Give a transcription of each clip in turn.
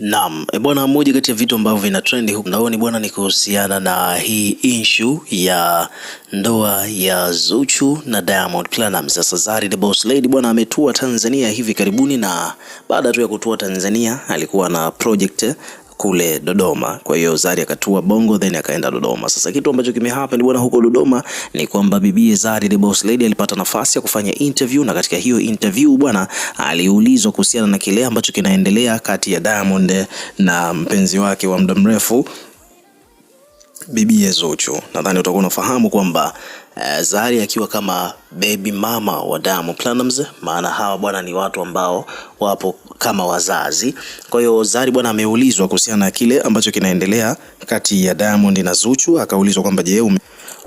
Naam, e bwana, moja kati ya vitu ambavyo vina trend huku naoni bwana ni kuhusiana na hii issue ya ndoa ya Zuchu na Diamond Platinum. Sasa Zari the Boss Lady bwana ametua Tanzania hivi karibuni, na baada tu ya kutua Tanzania alikuwa na project kule Dodoma. Kwa hiyo Zari akatua Bongo then akaenda Dodoma. Sasa kitu ambacho kimehappen bwana huko Dodoma ni kwamba bibi Zari the boss lady alipata nafasi ya kufanya interview, na katika hiyo interview bwana aliulizwa kuhusiana na kile ambacho kinaendelea kati ya Diamond na mpenzi wake wa muda mrefu bibi Zuchu, nadhani utakuwa unafahamu kwamba uh, Zari akiwa kama baby mama wa Diamond Platnumz, maana hawa bwana ni watu ambao wapo kama wazazi. Kwa hiyo Zari bwana ameulizwa kuhusiana na kile ambacho kinaendelea kati ya Diamond na Zuchu, akaulizwa kwamba je, ume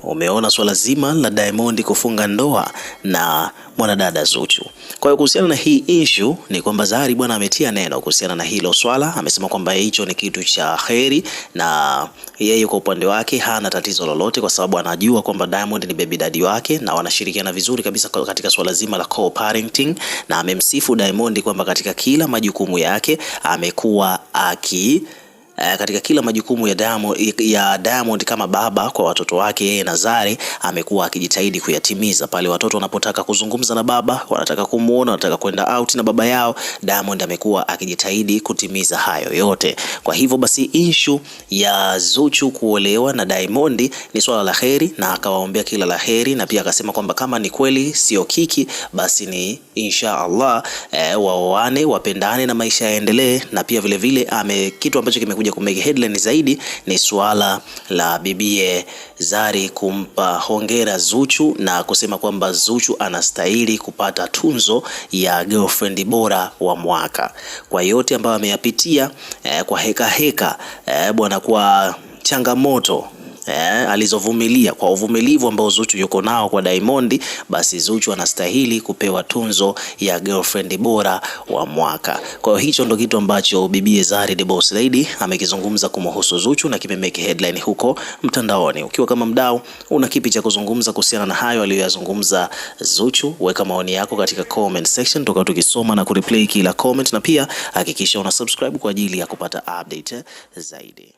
umeona swala zima la Diamond kufunga ndoa na mwanadada Zuchu. Kwa hiyo kuhusiana na hii issue ni kwamba Zari bwana ametia neno kuhusiana na hilo swala, amesema kwamba hicho ni kitu cha heri na yeye kwa upande wake hana tatizo lolote, kwa sababu anajua kwamba Diamond ni baby daddy wake na wanashirikiana vizuri kabisa katika swala zima la co-parenting, na amemsifu Diamond kwamba katika kila majukumu yake amekuwa aki Eh, katika kila majukumu ya Diamond, ya Diamond kama baba kwa watoto wake, yeye Nazari amekuwa akijitahidi kuyatimiza. Pale watoto wanapotaka kuzungumza na baba, wanataka kumuona, wanataka kwenda out na baba yao, Diamond amekuwa akijitahidi kutimiza hayo yote. Kwa hivyo basi, issue ya Zuchu kuolewa na Diamond ni swala la heri, na akawaombea kila la heri, na pia akasema kwamba kama ni kweli sio kiki, basi ni insha Allah eh, waoane, wapendane na maisha yaendelee, na pia vilevile ame kitu ambacho kimekuja kuja kumeke headline zaidi ni suala la bibie Zari kumpa hongera Zuchu na kusema kwamba Zuchu anastahili kupata tunzo ya girlfriend bora wa mwaka kwa yote ambayo ameyapitia eh, kwa heka heka eh, bwana, kwa changamoto eh, alizovumilia kwa uvumilivu ambao Zuchu yuko nao kwa Diamond, basi Zuchu anastahili kupewa tunzo ya girlfriend bora wa mwaka. Kwa hiyo hicho ndo kitu ambacho bibi Zari the Boss Lady amekizungumza kumhusu Zuchu na kimemeke headline huko mtandaoni. Ukiwa kama mdau, una kipi cha kuzungumza kuhusiana na hayo aliyoyazungumza Zuchu? Weka maoni yako katika comment section, toka tukisoma na kureplay kila comment, na pia hakikisha una subscribe kwa ajili ya kupata update zaidi.